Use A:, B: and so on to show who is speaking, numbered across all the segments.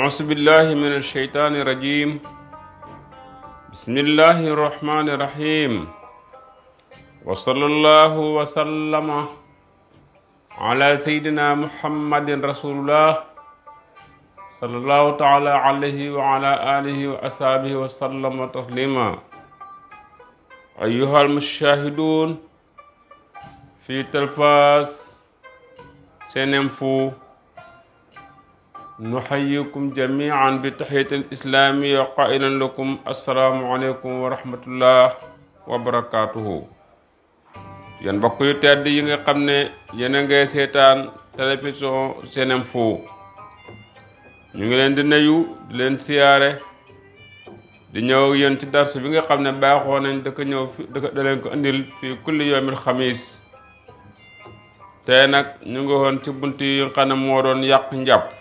A: أعوذ بالله من الشيطان الرجيم بسم الله الرحمن الرحيم وصلى الله وسلم على سيدنا محمد رسول الله صلى الله تعالى عليه وعلى آله وأصحابه وسلم تسليما أيها المشاهدون في تلفاز سينمفو nuxayikum jamian bi taxiyatil islaamiya qailan lakum assalaamu aleykum wa rahmatullah wa barakaatuhu yéen tedd yi nga xam ne yéen a ngay seetaan télévision Seneinfo ñu ngi leen di nuyu di leen siyaare di ñëw yéen ci dars bi nga xam ne baaxoo nañ da ñëw fi da ko indil fii kulli yawmil xamis tey nag ñu ngi woon ci bunt yi nga moo doon yàq njàpp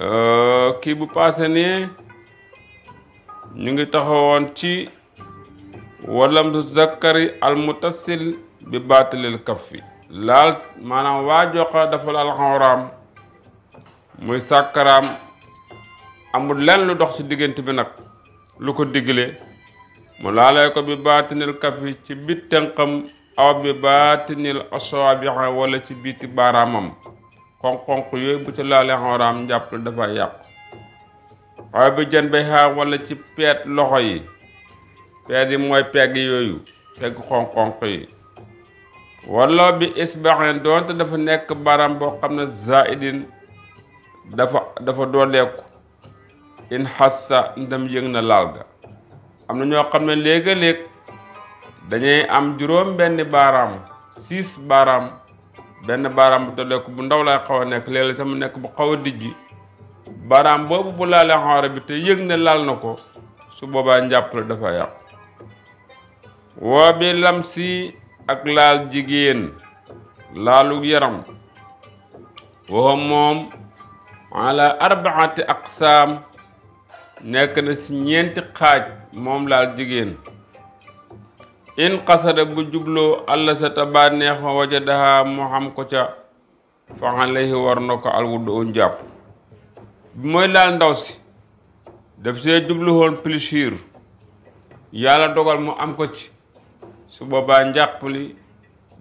A: Euh, kii bu paase nii ñu ngi taxawoon ci walam du zakkari al mutasil bi baatilil kaffi laal maanaam waa joxa dafa laal xawraam muy sàkkaraam amul lenn lu dox ci diggante bi nag lu ko digle mu laalee ko bi baatinil kaffi ci biit tënqam aw bi baatinil aswaabiha wala ci biiti baaraamam xonq-xonq yooyu bu ci laale xooraam njàpp la dafa yàqu waaye bu jën bay xaar wala ci peet loxo yi peet yi mooy pegg yooyu pegg xonqonq xonq yi wala bi isbaxin doonte dafa nekk baram boo xam na zaidin dafa dafa dooleeku in xassa ndam yëg na laal ga am na ñoo xam ne léeg-léeg dañuy am juróom benn baaraam six baaraam benn baaraam bu tolleeku bu ndaw lay xaw a nekk léeg-léeg sama nekk bu xaw a dijji baaraam boobu bu laalee xawara bi te yëg ne laal na ko su boobaa njàpp la dafa yàqu woo bi lam si ak laal jigéen laalu yaram woo moom ala arbaati nekk na si ñeenti xaaj moom laal jigéen in qasada bu jubloo allah sa tabaa neex ma wajadaha mu xam ko ca fa alayhi war na ko alwudu un jàpp bi mooy laal ndaw si def see jublu woon plaisir yàlla dogal mu am ko ci su boobaa njàpp li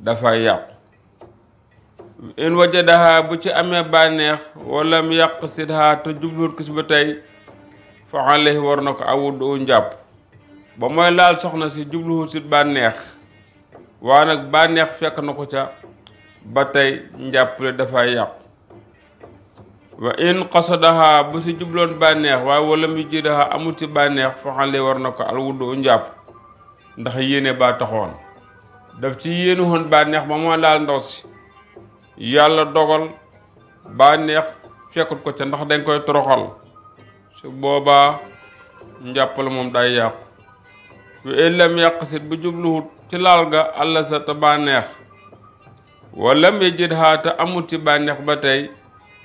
A: dafay yàqu in wajadaha bu ci amee bànneex walla mu yàq sidha te jubluwut ko si ba tey fa alayhi war na ko alwudu un jàpp ba mooy laal soxna si jubluwu si bànneex waa bànneex fekk na ko ca ba tey njàppale dafay yàqu wa in bu si jubloon bànneex waaye wala mu jëdaha amul ci bànneex faxale war na ko alwudu njàpp ndax yéene baa taxoon ci yéenu bànneex ba moo laal ndaw si yàlla dogal bànneex fekkut ko ca ndax dañ koy toroxal su boobaa njàppale moom day yàqu fa in lam yaqsid bu jubluwut ci laal ga àll sa te bànneex walam yajid haa te amul ci bànneex ba tey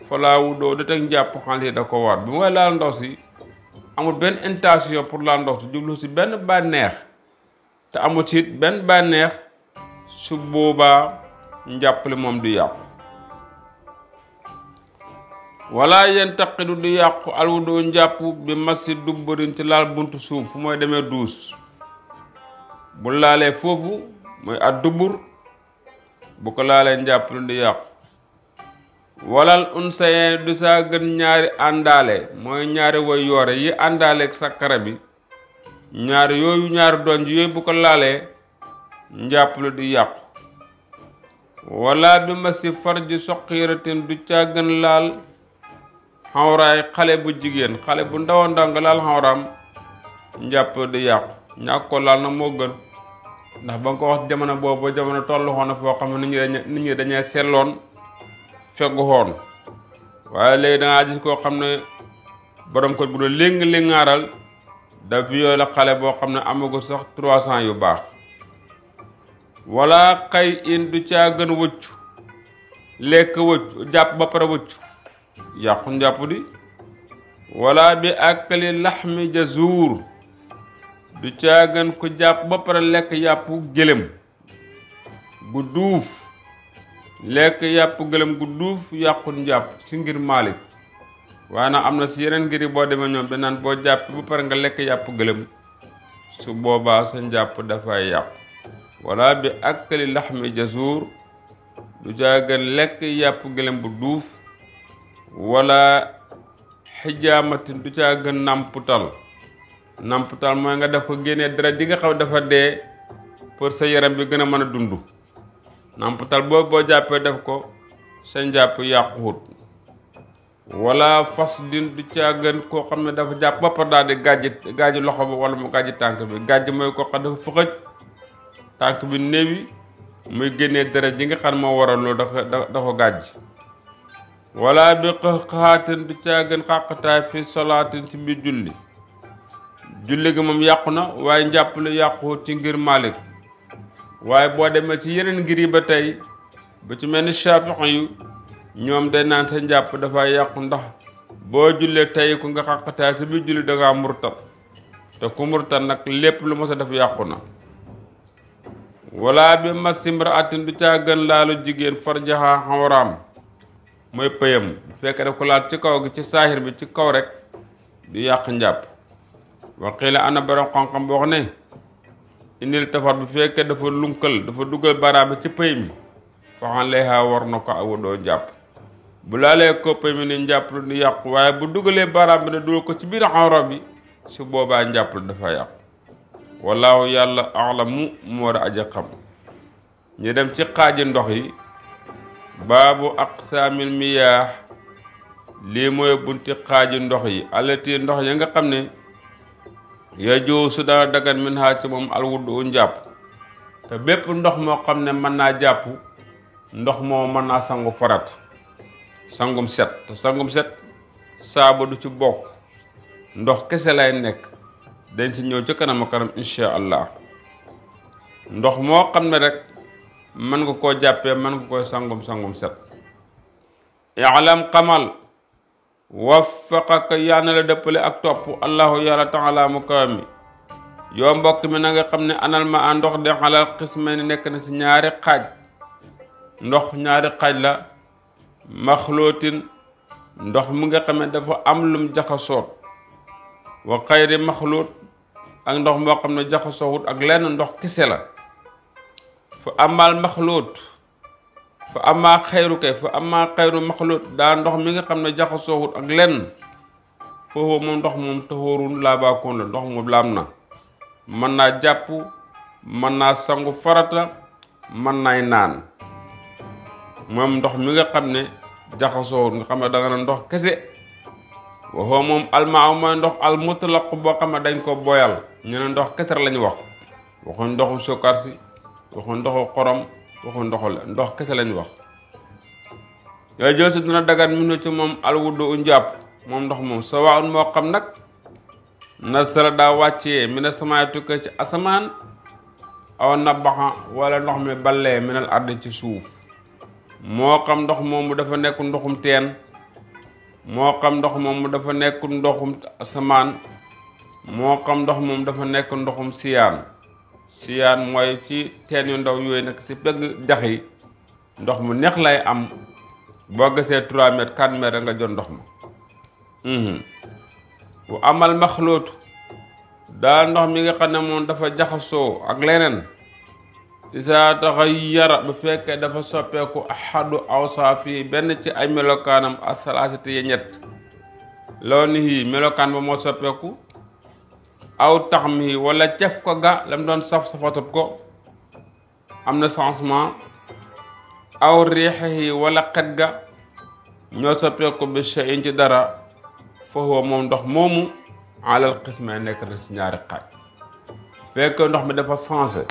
A: falaa wuddoo da teg jàpp xal yi da ko war bi mooy laal ndox si amul benn intention pour laal ndox si jublu si benn bànneex te amul ci benn bànneex su boobaa njàppale moom du yàqu wala yen taqidu du yàqu alwudoo njàpp bi mas si dubbarin ci laal buntu suuf fu mooy demee duus bu laalee foofu mooy addubur bu ko laalee njàpp lu di yàqu walal unsayen du saa gën ñaari àndaale mooy ñaari way yoore yi àndaale ak bi ñaari yooyu ñaari donj yooyu bu ko laalee njàpp lu di yàqu wala bi ma si farji soqiratin du caa gën laal xawraay xale bu jigéen xale bu ndaw a ndaw nga laal xawraam njàpp di yàqu ñàkk ko laal na moo gën ndax ba nga ko wax jamono boobu jamono tollu xoon na foo xam ne nit ñi nit ñi dañee selloon feggu xoon waaye léegi dangaa gis koo xam ne borom kër gu doon léng-léngaaral da xale boo xam ne amagu sax trois cent yu baax wala xay in du caa gën wëccu lekk wëccu jàpp ba pare wëccu yàqu njàpp di wala bi akli laxmi jazuur du gën ko jàpp ba pare lekk yàpp gëlëm gu duuf lekk yàpp gëlëm gu duuf yàqut njàpp ci ngir maalik waaye nag am na ci yeneen ngiri boo demee ñoom danaan boo jàpp ba pare nga lekk yàpp gëlëm su boobaa sa njàpp dafay yàqu wala bi akkali laxmi jasuur du caagan lekk yàpp gëlëm bu duuf wala xijaamatin du caagan nàmputal nàmpatal mooy nga def ko génnee deret ji nga xam ne dafa dee pour sa yaram bi gën a mën a dund nàmpatal boobu boo jàppee def ko sa njàpp yàquwut wala fas din du càggan koo xam ne dafa jàpp ba pare daal di gàjji gàjji loxo bi wala mu gàjj tànk bi gàjj mooy koo xam dafa fëxëj tànk bi néewi muy génnee deret ji nga xam moo waral loolu dafa dafa gàjji wala bi xaatin du càggan xàqataay fi salaatin ci biir julli julli gi moom yàqu na waaye njàpp lu yàqu ci ngir Maalik waaye boo demee ci yeneen ngir yi ba tey ba ci mel ni Shaafi'i yu ñoom day naan sa njàpp dafa yàqu ndax boo jullee tey ku nga xaqataay sa biir julli dangaa murtat te ku murtat nag lépp lu mos a def yàqu na wala bi mat simraatin du caa gën laalu jigéen farjaha xawraam mooy pëyam bu fekkee daf ko laal ci kaw gi ci saahir bi ci kaw rek du yàq njàpp waqila ana borom xam-xam boo wax ne indil tafar bu fekkee dafa lunkal dafa dugal baraaba ci pëy mi faxan layxaa war na ko awu doo jàpp bu laalee ko pëy mi ne njàpp lu di yàqu waaye bu dugalee baraab bi ne dugal ko ci biir awra bi su boobaa njàpp lu dafa yàqu wallaahu yàlla alamu mu war a aja xam ñu dem ci xaaji ndox yi baabu aqsaamil miyaax lii mooy bunti xaaji ndox yi alati ndox yi nga xam ne yajoo su dana dagan min haa ci moom alwudu njàpp te bépp ndox moo xam ne mën naa jàpp ndox moo mën naa sangu farat sangum set te sangum set saaba du ci bokk ndox kese lay nekk dañ ci ñëw ci kanam a kanam insha allah ndox moo xam ne rek mën nga koo jàppee mën nga koy sangum sangum set alam xamal waffaqaka yaa na la dëppale ak topp allahu yàlla taala mu kaw mi yoo mbokk mi na nga xam ne anal ma a ndox de xalal xisma ni nekk na ci ñaari xaaj ndox ñaari xaaj la maxlootin ndox mi nga xam dafa am lum jaxasoot wa xayri maxloot ak ndox moo xam ne jaxasoowut ak lenn ndox kese la fu amal maxloot fa amaa xayru kay fa amaa xayru maxluut daa ndox mi nga xam ne jaxasoowut ak lenn foofu moom ndox moom taxóorun laabaakoon la ndox moom laam na mën naa jàpp man naa sangu farata man naay naan moom ndox mi nga xam ne jaxasoowut nga xam ne danga ne ndox kese waxoo moom almaa dañ ko boyal ñu ndox kese lañu wax waxuñ ndoxu sukar waxuñ ndoxu xorom waxu ndox la ndox kese lañ wax yooyu joosu dina dagat minu ci moom alwudu u njàpp moom ndox moom sa waa moo xam nag na nasara daa wàcce mi ne samaay tukkee ci asamaan aw nabaxa wala ndox mi ballee minal ardi ci suuf moo xam ndox moomu dafa nekk ndoxum teen moo xam ndox moomu dafa nekk ndoxum asamaan moo xam ndox moom dafa nekk ndoxum siyaan siyaan mooy ci teen yu ndaw yooyu nekk ci bëgg dex yi ndox mu neex lay am boo gisee trois mètres quatre nga jot ndox ma mhm. bu amal maxlootu daal ndox mi nga xam ne moom dafa jaxasoo ak leneen isaa taxayyara bu fekkee dafa soppeeku xaddu awsaaf yi benn ci ay melokaanam asalaasati yi ñett loo ni melokaan ba moo soppeeku aw tax mi walla cef ko ga lam doon saf safatut ko am na changement aw riixi wala xet ga ñoo soppeeku ko bi shay'in ci dara foofu moom ndox moomu alal xisme nekk na ci ñaari xaaj fekk ndox mi dafa changé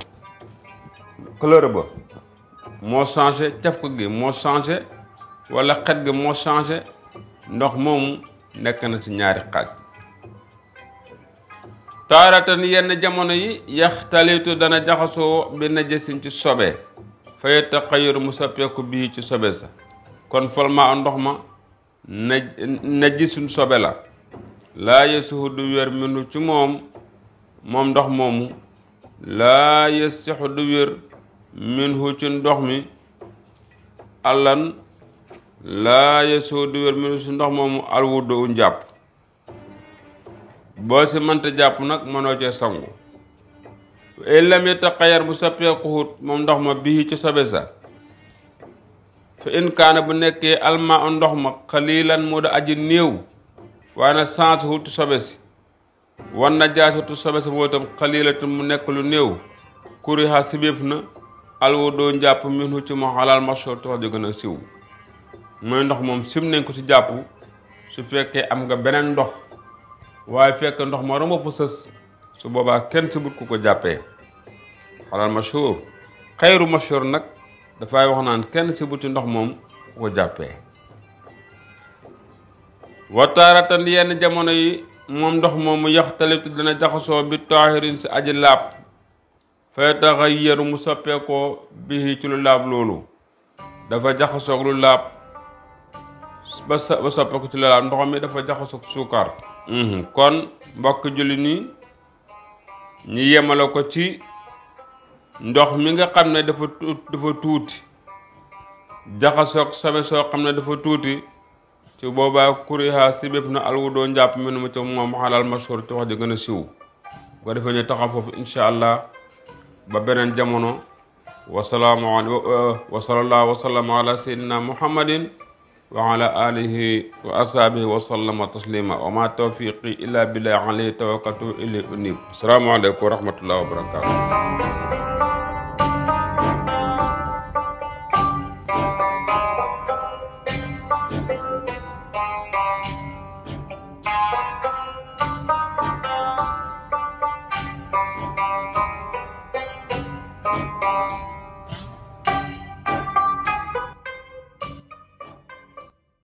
A: couleur ba moo changé caf ko gi moo changé wala xet gi moo changé ndox moomu nekk na ci ñaari xaaj taaratan yenn jamono yi yaxtalitu dana jaxasoo bi najasin ci sobe fa yataxayaru mu soppeeku bii ci sobe sa kon folma ndox ma naj najisun sobe la laa yasuhu du wér minu ci moom moom ndox moomu laa yasixu du wér minhu ci ndox mi allan laa yasuhu du wér minhu ci ndox moomu alwudu njàpp boo si mënta jàpp nag mënoo cee sangu illam yataxayar bu soppeekuwut moom ndox ma bi ci sobe sa fa in kaana bu nekkee alma u ndox ma xaliilan mu da aji néew waaye na sens wut sobe si wan na jaasatu sobe si moo tam xaliilatu mu nekk lu néew kuriha sibéef na alwudoo njàpp minhu ci moo xalaal masho tax ju gën a siw mooy ndox moom sim nañ ko ci jàpp su fekkee am nga beneen ndox waaye fekk ndox ma roma fa sës su boobaa kenn but ku ko jàppee xalal mashhur ma mashhur nag dafay wax naan kenn buti ndox moom ku ko jàppee wataaratan yenn jamono yi moom ndox moomu yaxtalib te dina jaxasoo bi taahirin si aji laab fay taxayyaru mu soppeekoo bihi ci lu laab loolu dafa jaxasoog lu laab ba sa ba soppeeku ci loolaam ndox mi dafa jaxasoo suukar mm-hmm. kon mbokk julli ni ñi yemale ko ci ndox mi nga xam ne dafa dafa tuuti jaxasoog sobe soo xam ne dafa tuuti ci boobaa kuriha si bépp na doo njàpp mi nu ma ci moom xalal mashhur ci wax ji gën a siw bu ko ñu taxaw foofu incha allah ba beneen jamono wasalaamu wa sallallahu wa muhammadin wa ala alihi wa ashabihi wa sallama taslima wa ma tawfiqi illa billah alayhi tawakkaltu ilayhi unib asalaamaaleykum wa rahmatullahi wa barakatuh